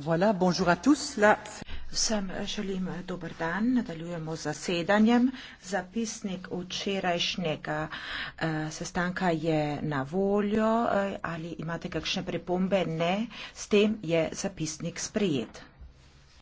Voilà, bonjour à tous. La... Vsem želim dober dan. Nadaljujemo z zasedanjem. Zapisnik včerajšnjega eh, sestanka je na voljo. Eh, ali imate kakšne pripombe? Ne. S tem je zapisnik sprejet.